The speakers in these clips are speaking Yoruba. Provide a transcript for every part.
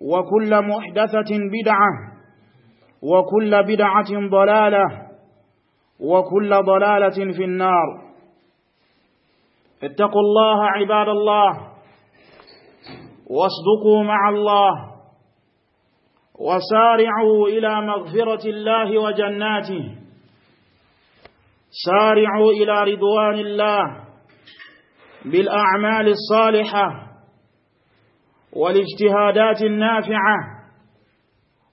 وكل محدثة بدعة وكل بدعة ضلالة وكل ضلالة في النار اتقوا الله عباد الله واصدقوا مع الله وسارعوا إلى مغفرة الله وجناته سارعوا إلى رضوان الله بالأعمال الصالحة والاجتهادات النافعة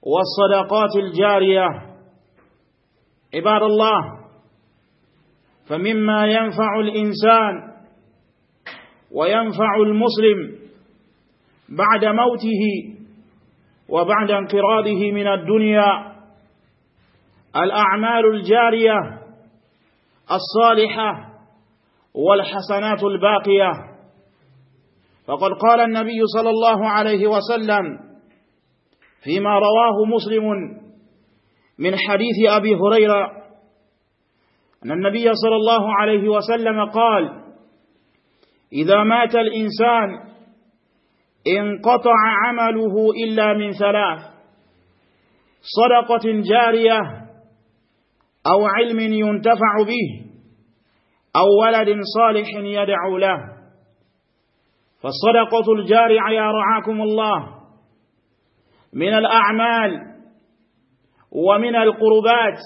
والصدقات الجارية عباد الله فمما ينفع الإنسان وينفع المسلم بعد موته وبعد انقراضه من الدنيا الأعمال الجارية الصالحة والحسنات الباقية فقد قال النبي صلى الله عليه وسلم فيما رواه مسلم من حديث أبي هريرة أن النبي صلى الله عليه وسلم قال إذا مات الإنسان انقطع عمله إلا من ثلاث صدقة جارية أو علم ينتفع به أو ولد صالح يدعو له فالصدقة الجارعة يا رعاكم الله من الأعمال ومن القربات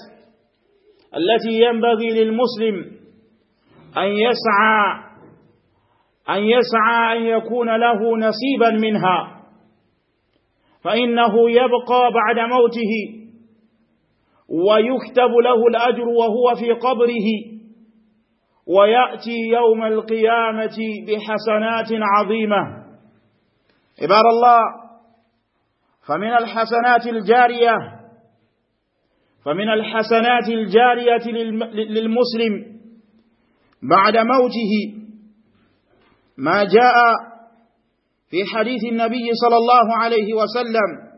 التي ينبغي للمسلم أن يسعى أن يسعى أن يكون له نصيبا منها فإنه يبقى بعد موته ويكتب له الأجر وهو في قبره ويأتي يوم القيامة بحسنات عظيمة عباد الله فمن الحسنات الجارية فمن الحسنات الجارية للمسلم بعد موته ما جاء في حديث النبي صلى الله عليه وسلم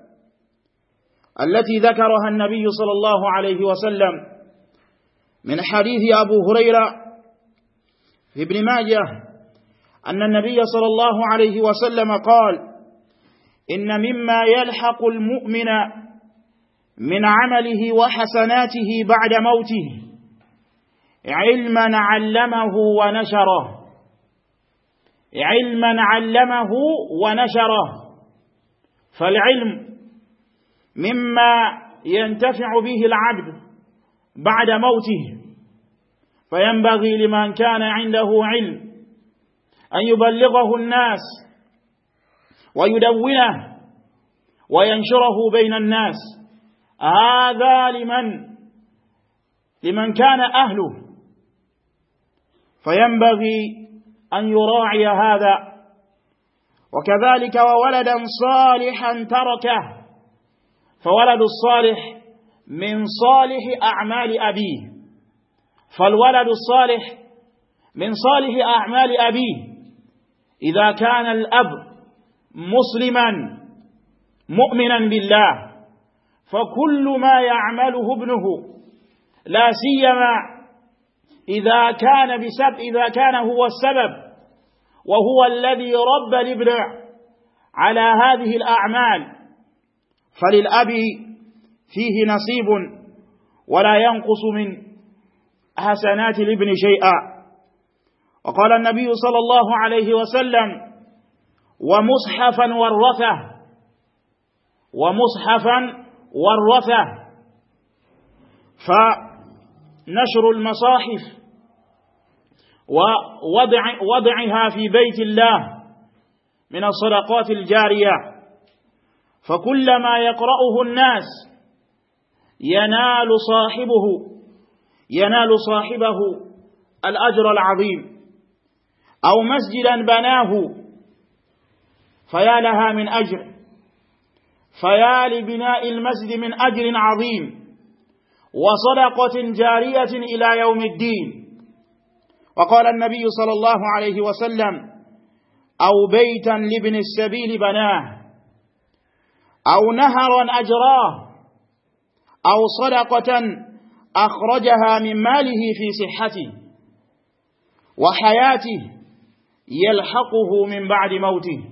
التي ذكرها النبي صلى الله عليه وسلم من حديث أبو هريرة في ابن ماجه أن النبي صلى الله عليه وسلم قال إن مما يلحق المؤمن من عمله وحسناته بعد موته علما علمه ونشره علما علمه ونشره فالعلم مما ينتفع به العبد بعد موته فينبغي لمن كان عنده علم أن يبلغه الناس ويدونه وينشره بين الناس هذا لمن لمن كان أهله فينبغي أن يراعي هذا وكذلك وولدا صالحا تركه فولد الصالح من صالح أعمال أبيه فالولد الصالح من صالح أعمال أبيه إذا كان الأب مسلما مؤمنا بالله فكل ما يعمله ابنه لا سيما إذا كان بسبب إذا كان هو السبب وهو الذي رب الابن على هذه الأعمال فللأب فيه نصيب ولا ينقص من حسنات الابن شيئا وقال النبي صلى الله عليه وسلم ومصحفا ورثه ومصحفا ورثه فنشر المصاحف ووضع وضعها في بيت الله من الصدقات الجارية فكلما يقرأه الناس ينال صاحبه ينال صاحبه الأجر العظيم أو مسجدا بناه فيا لها من أجر فيا لبناء المسجد من أجر عظيم وصدقة جارية إلى يوم الدين وقال النبي صلى الله عليه وسلم أو بيتا لابن السبيل بناه أو نهرا أجراه أو صدقة أخرجها من ماله في صحته وحياته يلحقه من بعد موته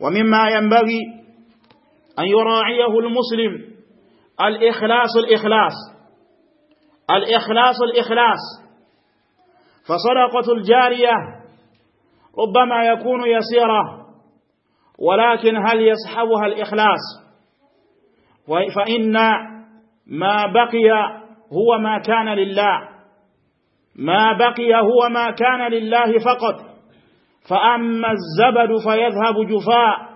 ومما ينبغي أن يراعيه المسلم الإخلاص الإخلاص الإخلاص الإخلاص فصدقة الجارية ربما يكون يسيرة ولكن هل يصحبها الإخلاص فإن ما بقي هو ما كان لله ما بقي هو ما كان لله فقط فأما الزبد فيذهب جفاء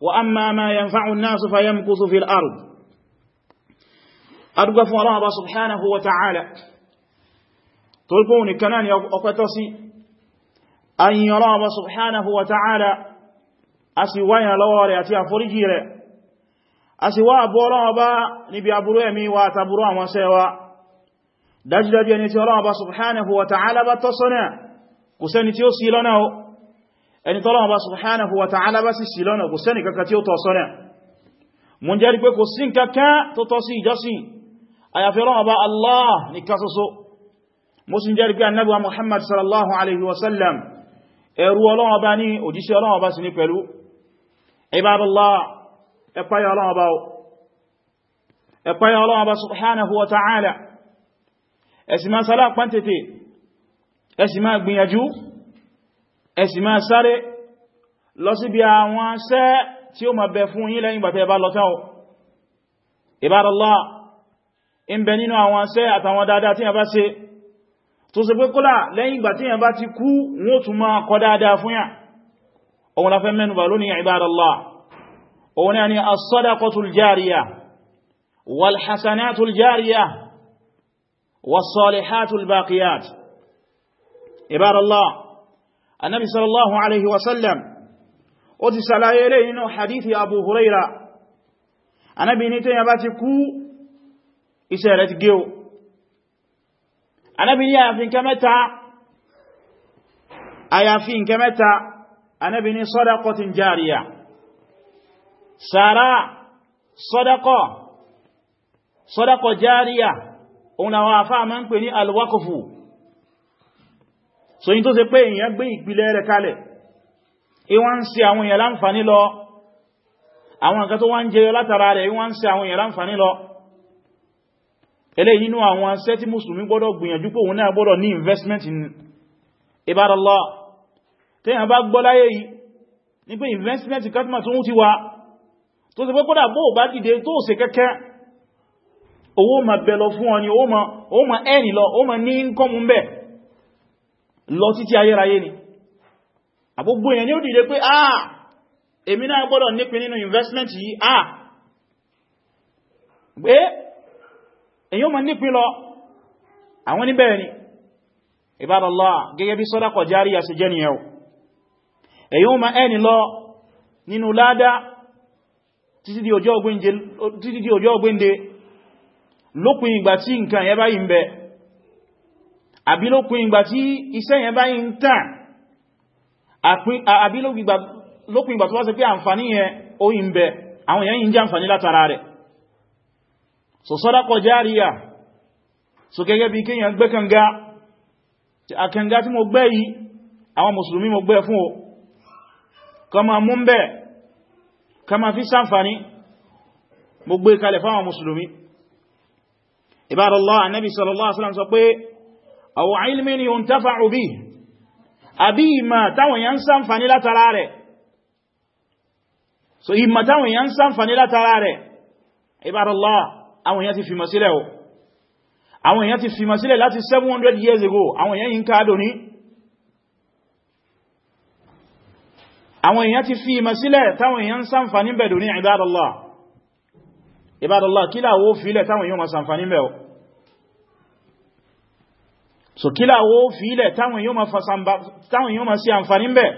وأما ما ينفع الناس فيمكث في الأرض أرجف الله سبحانه وتعالى تلقوني كنان يقتصي أن يرى سبحانه وتعالى أسوين لوري أتي أفرجي a sì wá àbọ́ ọlọ́wọ́ bá níbi àbúrú ẹ̀mí wa àtàbúrú àwọn ṣẹ́ wa dájúdájú ẹni tí ọlọ́wọ́ bá subhanahu wa ta'ala bá tọ́ sọ́nà kò sẹ́ni tí ó ṣì lọ́nà o ẹni tọ́lọ́wọ́ bá subhanahu wa ta'ala bá sì ṣì lọ́nà kò sẹ́ni kankan tí ó tọ́ sọ́nà mú jẹ́ rí pé kò sí ẹ̀páyà ọlọ́wọ́ bá subhanahu wa ta'ala ẹ̀sì máa sálà pàntètè ẹ̀sì máa gbìyànjú ẹ̀sì máa sáré lọ sí bí àwọn sẹ́ tí ó ma bẹ fún yín lẹ́yìn bàtẹ̀ bá lọ́tọ́ Ibadallah in bẹ nínú àwọn sẹ́ àtàwọn òun náà ni as-sadaqatul jariyah wal hasanatul jariyah was-salihatul baqiyat ibadallah annabi sallallahu alaihi wasallam ó ti ṣàlàyé lè nínú hadithi abu huraira anábi ní tí ya bá ti kú iṣẹ́ rẹ̀ ti gé o anábi ní àyàfi nkẹ mẹ́ta mẹ́ta anábi ní sadaqatin jariyah sàárà sọ́dákọ̀ sọ́dákọ̀ járíyà òun àwọn àfáà máa ń pè ní alwakọ̀fù so yí tó ṣe pé èyàn gbé ìpìlẹ̀ rẹ̀ kalẹ̀ ìwọ́n ń ṣe àwọn èyàn láǹfàní lọ àwọn nǹkan tó wá ń jẹyọ látara rẹ̀ ìwọ́n ń àwọn èyàn láǹfàní lọ eléyìí nínú àwọn asẹ́ tí mùsùlùmí gbọ́dọ̀ gbìyànjú pé òun gbọ́dọ̀ ní investment in ibadallah tẹ́yàn bá gbọ́ láyé yìí ní pé investment katma tó ń ti wà tó ṣe pé bó bá dìde tó ṣe kẹ́kẹ́ ma bẹ lọ fún ọ ni ma ẹni lọ o ma ní kọ́mù bẹ́ lọ títí ayérayé ni àgbogbo èèyàn ni ó dìde pé ah èmi náà gbọ́dọ̀ nípin nínú investment yìí ah pé o ma nípin lọ àwọn níbẹ̀rẹ̀ ni ìbádọ́lá gẹ́gẹ́ bí sọ́dákọ̀ járí àṣẹjẹ́ ni ẹ̀ o ma ẹni lọ nínú ládá títí di ọjọ́ ọgbẹ́nde lókùn ìgbà tí nǹkan yẹn báyìí ń bẹ àbí lókùn ìgbà tí iṣẹ́ yẹn báyìí ń tàn àbí lókùn ìgbà tó wá sí pé àǹfàní yẹn ó ń bẹ àwọn èèyàn yìí ń àǹfàní látara rẹ̀ so sọ́dákọ̀ járíyà so gẹ́gẹ́ bí kíyàn gbẹ́ kànga àkànga tí mo gbẹ́ yìí àwọn mùsùlùmí mo gbẹ́ fún o kọ ma mú bẹ́ẹ̀ kama fi sánfàní gbogbo ikalẹ̀ fáwọn musulmi ibadallah annabi sallallahu alaihi wasallam sọ pé aw ilmin yuntafa'u bihi àbí ìmà táwọn yán sánfàní látara rẹ̀ so ìmà táwọn yán sánfàní látara rẹ̀ ibadallah àwọn yán ti fìmọ̀ sílẹ̀ o àwọn yán ti fìmọ̀ sílẹ̀ láti 700 years ago àwọn yán yínká adoni àwọn èèyàn ti fi ìmọ̀ sílẹ̀ táwọn èèyàn ṣàǹfààní bẹ̀ dòní ìbádọ́lá ìbádọ́lá kílà wó fílẹ̀ táwọn èèyàn ma ṣàǹfààní bẹ̀ o so kílà wó fílẹ̀ táwọn èèyàn ma sí àǹfààní bẹ̀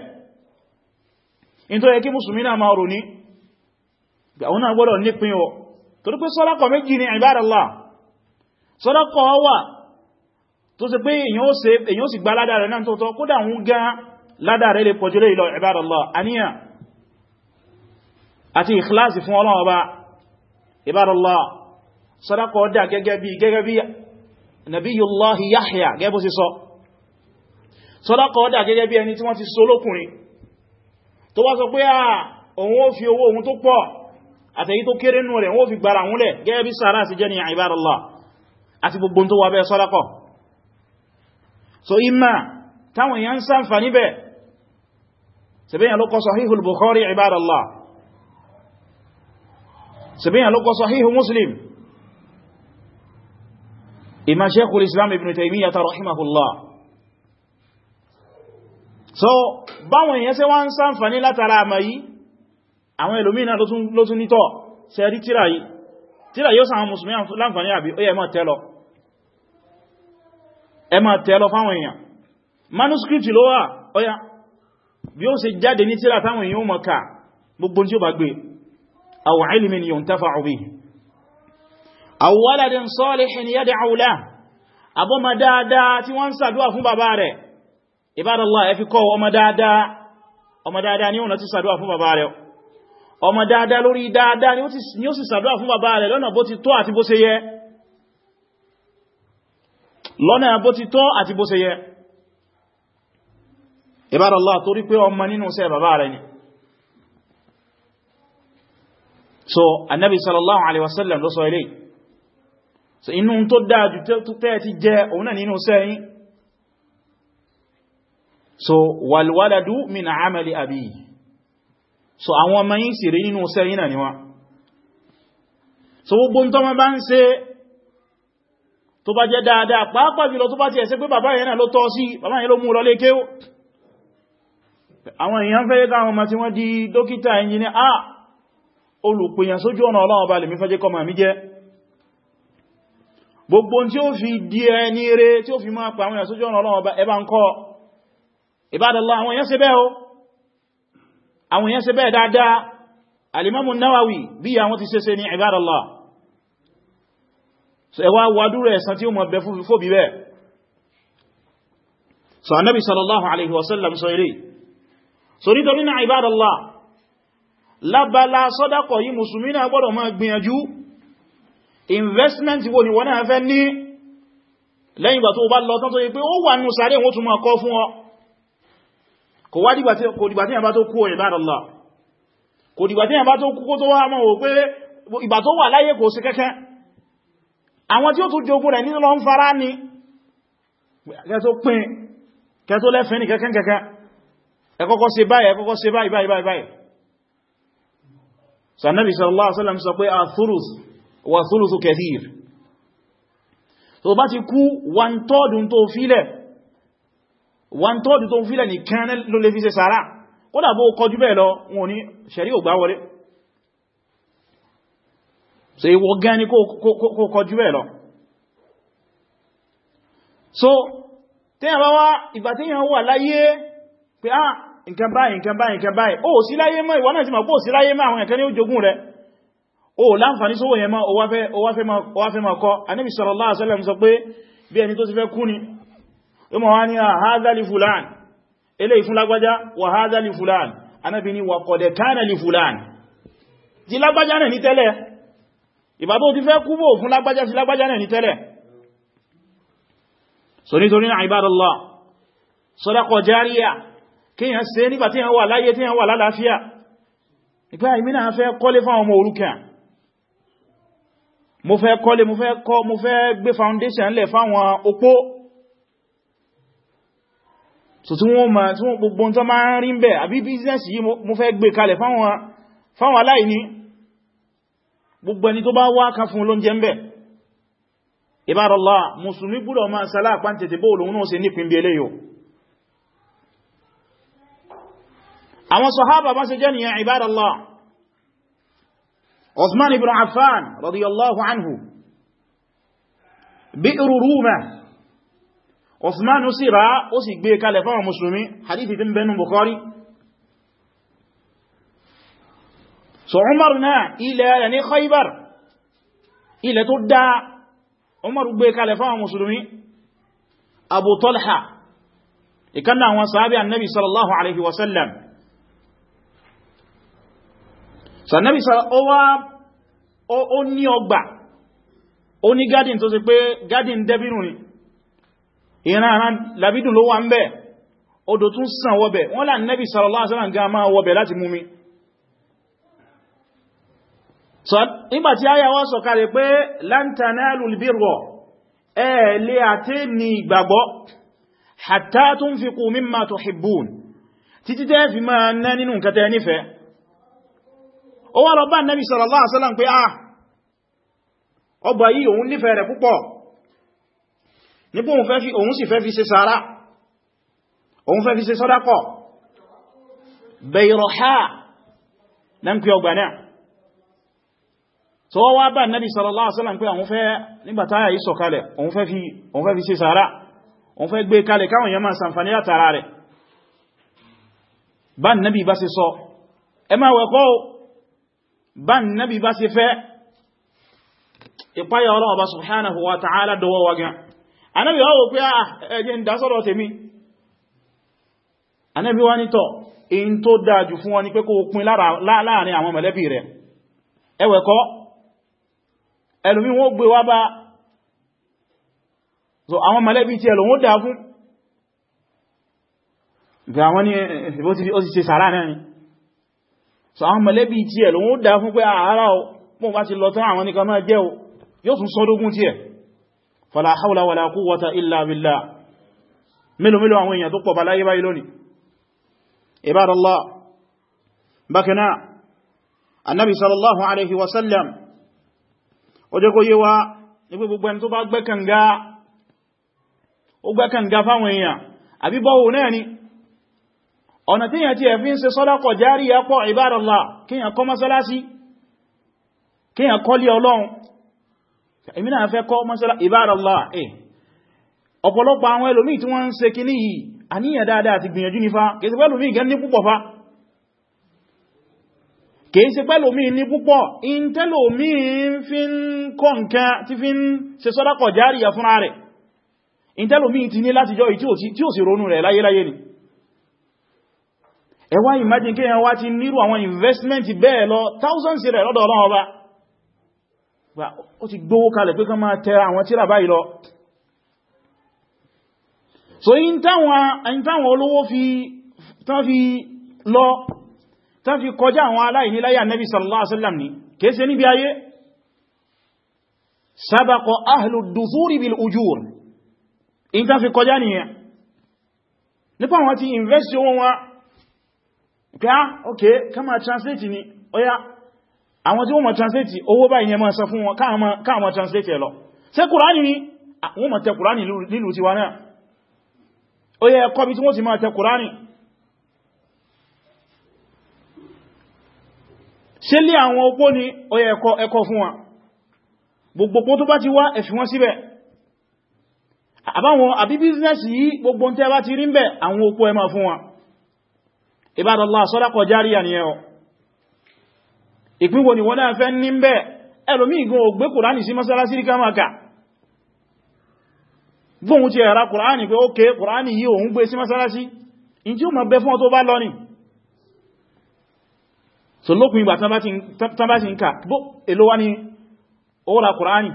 in tó yẹ kí musulmi náà máa roni àwọn náà gbọ́dọ̀ nípin o torí pé sọ́lọ́kọ̀ méjì ni ìbádọ́lá sọ́lọ́kọ̀ wà tó sì pé èèyàn ó ládàrẹ́ lè pọ̀jú lè lọ ibadallah àníyàn àti ikhlasi fún Ọlọ́run Ọba ibadallah sadaqah ọdá gẹ́gẹ́ bí gẹ́gẹ́ bí nabiyullahi Yahya gẹ́bù sí sọ sadaqah ọdá gẹ́gẹ́ bí ẹni tí wọ́n ti so lókùnrin tó wá sọ pé à òun ó fi owó òun tó pọ̀ àtẹ̀yí tó kéré nù rẹ̀ wọ́n fi gbára òun so imma táwọn èèyàn ń sáǹfà níbẹ̀ sẹ̀bẹ̀yàn ló kọ sahihul bukhari ibadallah sẹ̀bẹ̀yàn ló kọ sahihul muslim ima sheikhul islam ibn taymiyyah ta rahimahullah so báwọn èèyàn ṣe wọ́n ṣàǹfààní látara àmà yìí àwọn ẹlòmínà ló tún nítọ̀ sẹ́rí tíra yìí tíra yóò sáwọn musulmi láǹfààní àbí ó yẹ mọ́ tẹ́lọ ẹ máa tẹ́lọ fáwọn èèyàn manuscript ló wà ó yá bí ó ṣe jáde ní tíra táwọn èèyàn mọ̀ ká gbogbo tí ó bá gbé àwọn ilmin yuntafa'u bihi aw waladin salihin yad'u lahu abọ́mọ dáadáa tí wọ́n ń sàdúwà fún bàbá rẹ̀ ibadallah ẹ fi kọ́ ọmọ dáadáa ọmọ dáadáa ni ó ti sàdúwà fún bàbá rẹ̀ ọmọ dáadáa lórí dáadáa ni ó sì sàdúwà fún bàbá rẹ̀ lọ́nà bó ti tọ́ àti bó ṣe yẹ Ibadallah torí pé ọmọ nínú sẹ́ bàbá rẹ̀ ni so annabi sallallahu alaihi wasallam ló sọ ilé so inú tó dájú tó tẹ́ ti jẹ òun náà nínú sẹ́yìn so walwaladu min amali abi so àwọn ọmọ yìí sì rí nínú sẹ́yìn náà niwa so gbogbo tó ma bá ń ṣe tó bá jẹ dáadáa pàápàá jùlọ tó bá ti ẹ̀ṣẹ̀ pé bàbá yẹn náà ló tọ́ sí bàbá yẹn ló mú lọ lékéwó àwọn èèyàn fẹ́ káwọn ọmọ tí wọ́n di dókítà ẹnjìní à ah, olùpèyàn sójú ọ̀nà Ọlọ́run bá lè mí fẹ́jẹ́ kọmọ̀ mi jẹ́ gbogbo tí ó fi di ẹni rẹ̀ tí ó fi máa pa àwọn èèyàn sójú ọ̀nà Ọlọ́run bá ẹbá ń kọ́ ìbádọ́lá àwọn èèyàn ṣe so nítorí náà ibadallah lábala sọ́dákọ̀ yí musulmi náà gbọ́dọ̀ máa gbìyànjú investment wo ni wọ́n náà fẹ́ ní lẹ́yìn ìgbà tó bá lọ tán tó yí pé ó wà nù sáré wọ́n tún máa kọ́ fún ọ kò wá dìgbà tí yàn bá tó kú ibadallah kò dìgbà tí yàn bá tó ẹ kọ́kọ́ ṣe báyìí ẹ kọ́kọ́ ṣe báyìí báyìí báyìí so annabi sallallahu alaihi wasallam sọ pé a thuluth wa thuluthu kathir tó bá ti kú one third tó fílẹ̀ one third tó fílẹ̀ ní kẹ́nẹ́ ló lè fi ṣe sàárà kódà bó kọjú bẹ́ẹ̀ lọ wọn ni ṣẹ̀rí ò gbà wọlé so ìwọ gan ni kó kọjú bẹ́ẹ̀ lọ wà láyé pé ah nǹkan báyìí nǹkan báyìí nǹkan báyìí ó sí láyé mọ́ ìwọ náà ti mọ̀ pé ó sí láyé mọ́ àwọn ẹ̀kan ní ó jogún rẹ̀ ó láǹfàní sówò yẹn mọ́ ó wá fẹ́ mọ́ kọ́ Ànábì sallallahu alaihi wasallam sọ pé bí ẹni tó ti fẹ́ kú ni ó mọ̀ wá ní ah, hadha li fulan eléyìí fún lágbájá wà hadha li fulan Ànábì ní kíyàn ṣe nígbà tí yàn wà láyé tí yàn wà lálàáfíà ìgbà ìmì náà fẹ́ kọ́lé fáwọn ọmọ òrukàn mo fẹ́ kọ́lé mo fẹ́ kọ́ mo fẹ́ gbé foundation lẹ̀ fáwọn opó so tí wọ́n ma tí wọ́n gbogbo tó máa ń rí bẹ̀ àbí business yìí mo fẹ́ gbé kalẹ̀ fáwọn aláìní Allah musulmi gbọ́dọ̀ máa sálà pàǹtẹ̀tẹ̀ bóòlù òun náà ṣe àwọn sọ̀hábà bá ṣe jẹ́ nìyàn ibadallah Osman ibn Affan radiyallahu anhu bi'ru Ruma Osman ó sì rá ó sì gbé kalẹ̀ fáwọn musulmi hadithi tí ń bẹnu Bukhari so Umar náà ilẹ̀ rẹ̀ ní Khaybar ilẹ̀ tó dá Umar gbé kalẹ̀ fáwọn musulmi Abu Talha ìkanna àwọn sàábí annabi sallallahu alaihi wasallam so anabi sara ó wá ó ní ọgbà ó ní garden tó ṣe pé garden dẹ́bìnù ni ìran àrán labidun ló wà ń bẹ̀ odò tún sàn wọ́bẹ̀ wọ́n lá nẹ́bì sallallahu alaihi wasallam ga máa wọ́bẹ̀ láti mú mi so nígbàtí ayà wá sọ̀kalẹ̀ pé lan tanalul birra ẹ lè àtẹ́ ní ó wá lọ bá nẹ́bí sallallahu alaihi wasallam pé ah ọba yìí òun nífẹ̀ẹ́ rẹ̀ púpọ̀ nípò òun sì fẹ́ fi ṣe sàárá òun fẹ́ fi ṣe sọ́dákọ̀ Bayraha na ń pè ọgbà náà tó wá bá nẹ́bí sallallahu alaihi wasallam pé òun fẹ́ wẹ̀kọ́ bá nábi bá ṣe fẹ́ ìpáyà Ọlọ́run Ọba subhanahu wa ta'ala dọwọ́ wa gan anábi wá pé ah, ẹjẹ́ ń dásọ́rọ̀ tèmi anábi wá nítọ̀ in tó dájú fún wọn ni pé kó pín láàrin àwọn mẹ̀lẹ́bí rẹ̀ ẹwẹ̀kọ́ ẹlùmí so àwọn mọ̀lẹ́bí tí ẹ̀ ló ń dá fún pé àárá ah, o mọ́ bá ti lọ tán àwọn nìkan máa jẹ́ o yóò tún sọ́dógún tí ẹ̀ fala hawla wala quwwata illa billah mélòó mélòó àwọn èèyàn tó pọ̀ baláyé báyìí lónìí ibadallah bákaná annabi sallallahu alaihi náà ni ọ̀nà tí yàn tí ẹ̀ fi ń ṣe sọ́dákọ̀ járí apọ̀ ìbádọ̀lá kíyàn kọ́ mọ́sálásí kíyàn kọ́ lé ọlọ́run èmi náà fẹ́ kọ́ mọ́sálásí ìbádọ̀lá ẹ̀ eh, ọ̀pọ̀lọpọ̀ àwọn ẹlòmí tí wọ́n ń ṣe kinní yìí àníyàn dáadáa ti gbìyànjú ní fa kèsì pẹ́lú mi gan ní púpọ̀ fa kèsì pẹ́lú mi ní púpọ̀ in tẹ́lò mi fi ń kọ́ nǹkan tí fi ń ẹ wá imagine kí ẹwà ti nírú àwọn investment bẹ́ẹ̀ lọ thousands rẹ̀ lọ́dọ̀ ọlọ́run ọba ó ti gbówó kalẹ̀ pé kán máa tẹ àwọn tíra báyìí lọ so in táwọn olówó fi tán fi lọ tán fi kọjá àwọn aláìní láyé Ànábì sallallahu alaihi wasallam ni kéèsẹ níbi ayé sábàkọ bil ujúr in tán fi kọjá nìyẹn nípa àwọn ti invest owó wọn pé ah, ok ká máa translate ni ọya àwọn tí wọ́n máa translate owó báyìí ẹmọ́ sọ fún wọn káà máa translate ẹ lọ ṣé kùránì ni wọ́n máa tẹ kùránì nílùú tiwa náà ó yẹ ẹ̀kọ́ bí tí wọ́n ti máa tẹ kùránì ṣe lé àwọn opó ni ó yẹ ẹ̀kọ́ fún wa gbogbo pọ́ tó bá ti wá ẹ̀fì wọn síbẹ̀ àbáwọn àbí bíznẹ́sì yìí gbogbo tẹ́ bá ti rí ń bẹ̀ àwọn opó ẹ máa fún wa Ibadallah sadaqa jariya ni ẹ̀họ̀ ìpínwò ni wọ́n náà fẹ́ ní bẹ́ ẹlòmí ìgbọ́n ògbé kùránì sí mọ́sálásí rí kámàkà gbóhun ti ẹ̀rà kùránì pé ókè kùránì yí òun gbé sí mọ́sálásí in tí ó ma bẹ fún ọ tó bá lọ ní so lókùn ìgbà tán bá ti ń kà bó èló wá ní óra kùránì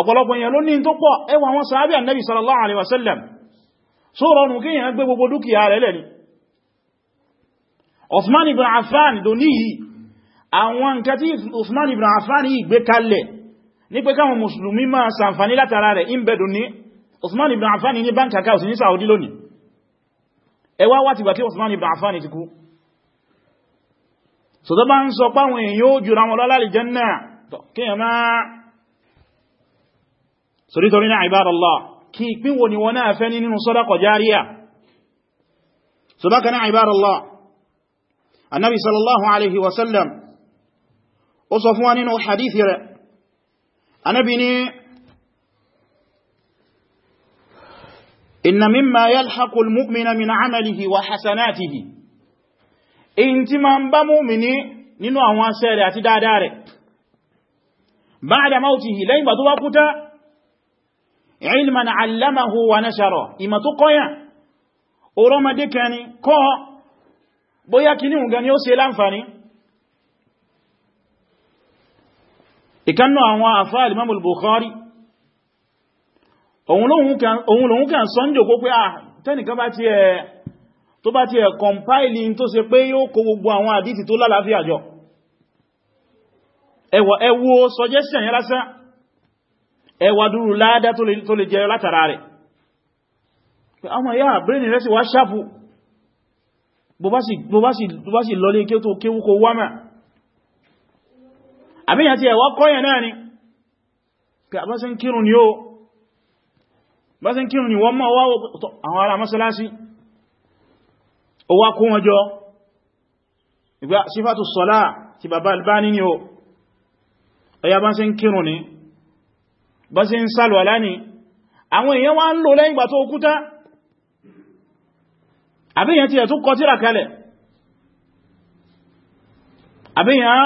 ọ̀pọ̀lọpọ̀ èèyàn ló ní tó pọ̀ ẹwà wọn sàábí ànẹ́bì sallallahu alaihi wasallam so rọrùn kí èèyàn gbé gbogbo dúkìá rẹ̀ lẹ́ni Uthman ibn Affan ló ní yìí àwọn nǹkan tí Uthman ibn Affan yìí gbé kalẹ̀ ní pé káwọn mùsùlùmí máa sàǹfàní látara rẹ̀ in bẹ̀dùn ní Uthman ibn Affan ní bánkà káà sí ní Saudi lónìí ẹwà wá ti gbà kí Uthman torítorí náà ibadallah kí ìpín wo ni wọ́n náà fẹ́ ní nínú sadaqa jariya so bákan náà ibadallah annabi sallallahu alaihi wasallam ó sọ fún wa nínú hadithi rẹ̀ annabi ni inna mimma yalhaqu almu'mina min 'amalihi wa hasanatihi in tí ma ń bá mu'mini nínú àwọn sere àti dáadáa rẹ̀ ba'da mautihi lẹ́yìn bá tó bá kúta ilman allamahu wa nashara ìmọ̀ tó kọ́yà orọ́mọdé kẹni kọ́ bóyá kìíní ǹgan ni ó ṣe láǹfàní ìkannú àwọn àfá alimamul Bukhari òun lòun kàn sọ́njò kó pé à tẹ́nìkan bá ti ẹ̀ tó bá ti ẹ̀ compiling tó ṣe pé yóò kó gbogbo àwọn àdìtì tó lálàáfíà jọ ẹ wo suggestion yẹn lásán ẹwà dúró ládá tó lè jẹrọ látara rẹ̀ àwọn ya brain rẹ̀ sì wá ṣàpù bó bá sì lọlé kí ó tó kéwú kó wá mà àbíyàn ti ẹ̀wọ́ kọ́yẹ̀ náà ni pẹ̀ àbáṣẹ́ ń kírun ni ó báṣẹ́ ń kírun ni wọ́n mọ́ wáwọ́ àwọn ará mọ́sálásí ó wá kó wọn jọ ìgbà sọ́lá ti bàbá Albani ni ó ọya báṣẹ́ ń kírun ni bá ṣe ń sálù aláni àwọn èèyàn wá ń lò lẹ́yìn ìgbà tó òkúta àbíyàn ti ẹ̀ kọtíra kalẹ̀ àbíyàn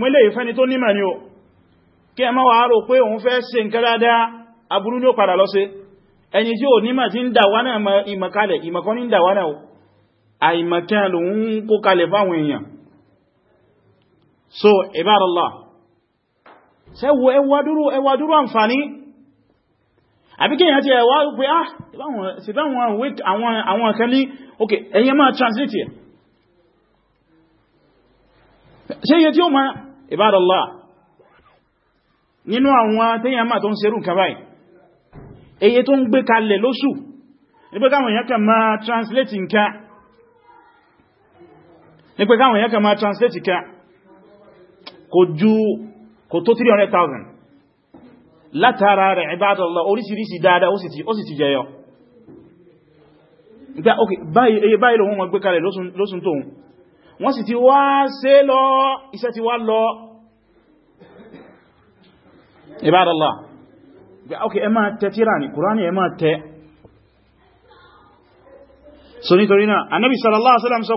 múlé ìfẹ́ni tó ni ó kí ẹ má wà rò pé òun fẹ́ ṣe nǹkan dáadáa aburú ní ó padà lọ ẹni tí ò nímà ń náà ní náà sẹ́wọ́ ẹwàdúrú àǹfàní àbíkẹ́ ìyàn ti ẹ̀wà pé ah, á síbẹ̀ àwọn ọ̀kan ní ok ẹ̀yẹ máa translate ẹ̀ ṣe iye tí ó máa ìbádọ́lá nínú àwọn tẹ́yàn máa tó ń serú nǹkan báyìí èyí tó ń gbé kalẹ̀ lóṣù nípé káwọn èyàn translate nǹkan nípé káwọn èyàn kan máa translate nǹkan kò ju kò tó 300,000 látara rẹ̀ ìbádọ́lá orísìírísìí dáadáa ó sì ti jẹyọ ok báyìí lòun wọn gbé kalẹ̀ lóṣùn tóun wọ́n sì ti wá sé lọ ti wá lọ ìbádọ́lá ok ẹ máa tẹ tíra ní kùránì ẹ máa tẹ so nítorí náà anábi sallallahu alaihi wasallam sọ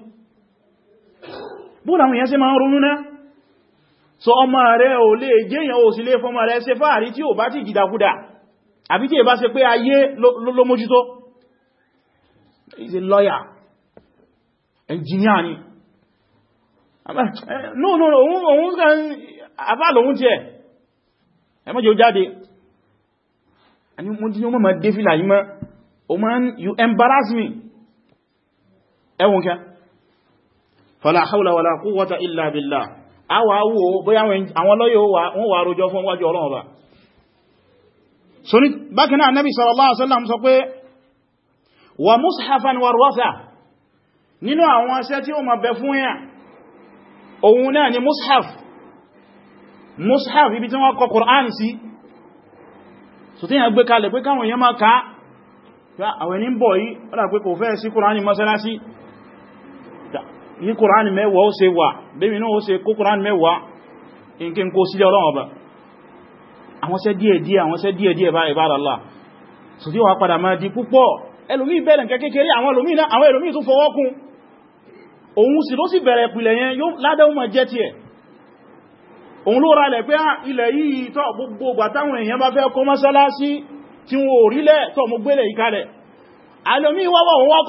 bó làwọn èèyàn ṣe máa ń ronú náà so ọmọ rẹ̀ ò lè jẹ́yàn ò sí lè fọmọ rẹ̀ ṣe fáàrí tí ò bá ti jìdàkúdà àbí tí è bá ṣe pé ayé ló mójútó he's a lawyer engineer ni no no òun ẹ̀ fala hawla wala quwwata illa billah àwa wò bóyá àwọn lọ́yọ̀ wọ́n wà rojọ́ fún wájú ọlọ́run ọba so nabi sallallahu alaihi wa mushafan warwatha nínú àwọn aṣẹ́ tí ó ma ni mushaf mushaf ibi kọ Qur'an sí so tí yà gbé kalẹ̀ pé káwọn yẹn ma ká àwọn yí kùránì mẹ́wàá ó ṣe wà bẹ́mi náà ó ṣe kó kùránì mẹ́wàá in kí n kó sílẹ̀ ọlọ́run ọba àwọn ṣẹ́ díẹ̀díẹ̀ àwọn ṣẹ́ díẹ̀díẹ̀ bá ìbáraláà so tí wà padà máa di púpọ̀ ẹlòmí bẹ̀rẹ̀ nǹkan kékeré àwọn ẹlòmí tún fọwọ́kún òun sì ra lẹ̀ pé ah, ilẹ̀ yìí tọ́ gbogbo bàtàwọn èèyàn bá fẹ́ kọ́ mọ́sálásí tí wọ́n orílẹ̀ tọ́ mú gbélẹ̀ ìkalẹ̀ alòmí wọ́wọ́ òun wá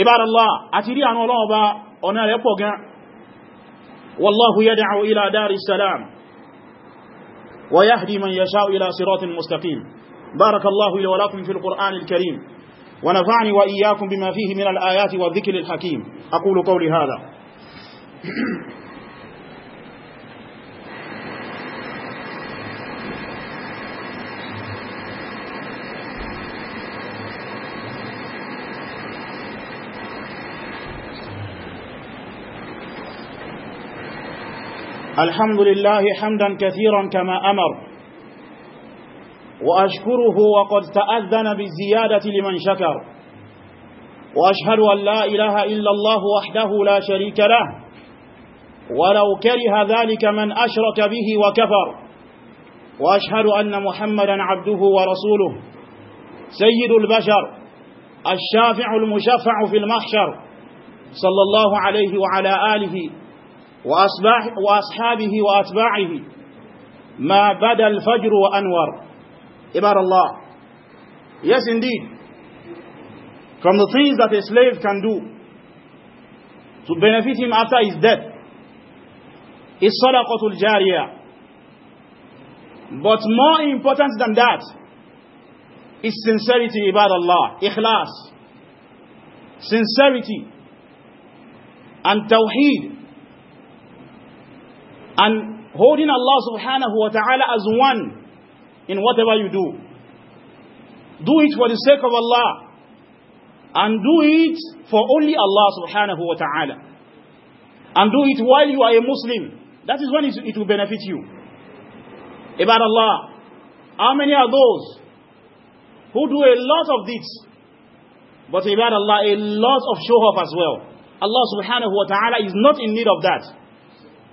ìbára ibadallah àti rí àwọn ọlọ́wọ́ bá ọ̀nà rẹ̀ pọ̀ gan wallahu yad'u ila dari salam wa yahdi man yasha'u ila siratin mustaqim barakallahu li wa lakum fil qur'anil karim wa nafa'ani wa iyyakum bima fihi min al ayati wa dhikril hakim aqulu qawli hadha الحمد لله حمدا كثيرا كما أمر وأشكره وقد تأذن بالزيادة لمن شكر وأشهد أن لا إله إلا الله وحده لا شريك له ولو كره ذلك من أشرك به وكفر وأشهد أن محمدا عبده ورسوله سيد البشر الشافع المشفع في المحشر صلى الله عليه وعلى آله وأصحابه وأتباعه ما بدا الفجر وأنور إبار الله yes indeed from the things that a slave can do to benefit him after his death is sadaqatul jariya. but more important than that is sincerity عباد Allah ikhlas sincerity and tawheed and holding Allah subhanahu wa ta'ala as one in whatever you do. Do it for the sake of Allah and do it for only Allah subhanahu wa ta'ala. And do it while you are a Muslim. That is when it, it will benefit you. About Allah, how many are those who do a lot of deeds? But about Allah, a lot of show off as well. Allah subhanahu wa ta'ala is not in need of that.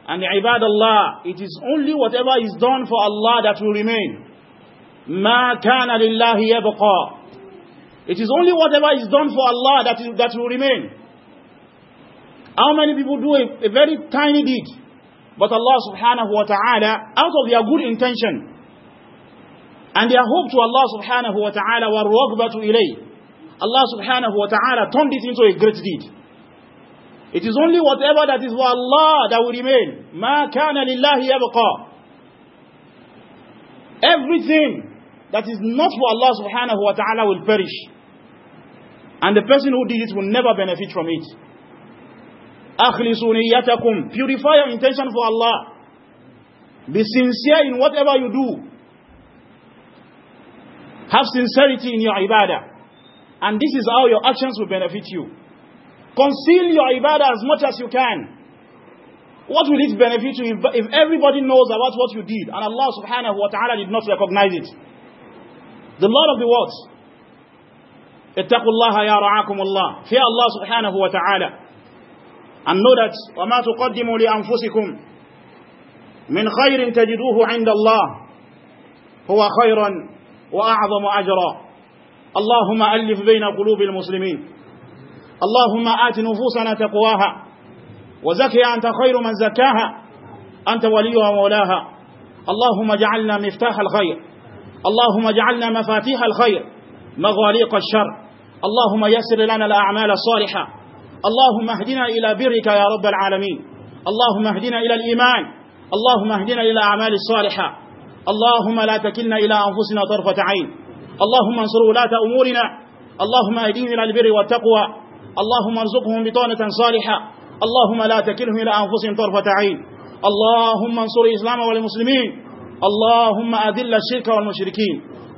And ibad Allah, it is only whatever is done for Allah that will remain. Ma kana lillahi yabqa. It is only whatever is done for Allah that, is, that will remain. How many people do a, a very tiny deed? But Allah subhanahu wa ta'ala, out of their good intention, and their hope to Allah subhanahu wa ta'ala, وَالرَّغْبَةُ ilayh, Allah subhanahu wa ta'ala turned it into a great deed. It is only whatever that is for Allah that will remain. Ma kana lillahi yabqa. Everything that is not for Allah subhanahu wa ta'ala will perish. And the person who did it will never benefit from it. أَخْلِصُوا نِيَّتَكُمْ Purify your intention for Allah. Be sincere in whatever you do. Have sincerity in your ibadah. And this is how your actions will benefit you. Conceal your ibadah as much as you can. What will it benefit you if, if everybody knows about what you did and Allah subhanahu wa ta'ala did not recognize it? The Lord of the world. اتقوا الله يا رعاكم الله fear Allah subhanahu wa ta'ala and know that وما تقدموا لأنفسكم من خير تجدوه عند الله هو خيرا وأعظم أجرا اللهم ألف بين قلوب المسلمين اللهم آت نفوسنا تقواها وزكي أنت خير من زكاها أنت وليها ومولاها اللهم جعلنا مفتاح الخير اللهم جعلنا مفاتيح الخير مغاليق الشر اللهم يسر لنا الأعمال الصالحة اللهم اهدنا إلى برك يا رب العالمين اللهم اهدنا إلى الإيمان اللهم اهدنا إلى أعمال الصالحة اللهم لا تكلنا إلى أنفسنا طرفة عين اللهم انصر ولاة أمورنا اللهم اهدنا إلى البر والتقوى اللهم ارزقهم بطانة صالحة اللهم لا تكلهم إلى أنفسهم طرفة عين اللهم انصر الإسلام والمسلمين اللهم أذل الشرك والمشركين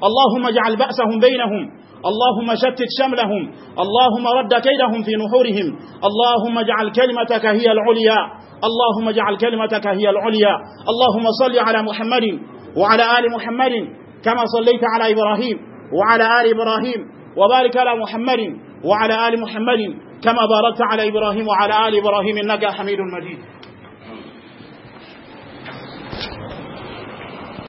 اللهم اجعل بأسهم بينهم اللهم شتت شملهم اللهم رد كيدهم في نحورهم اللهم اجعل كلمتك هي العليا اللهم اجعل كلمتك هي العليا اللهم صل على محمد وعلى آل محمد كما صليت على إبراهيم وعلى آل إبراهيم وبارك على محمد وعلى آل محمد كما باركت على إبراهيم وعلى آل إبراهيم إنك حميد مجيد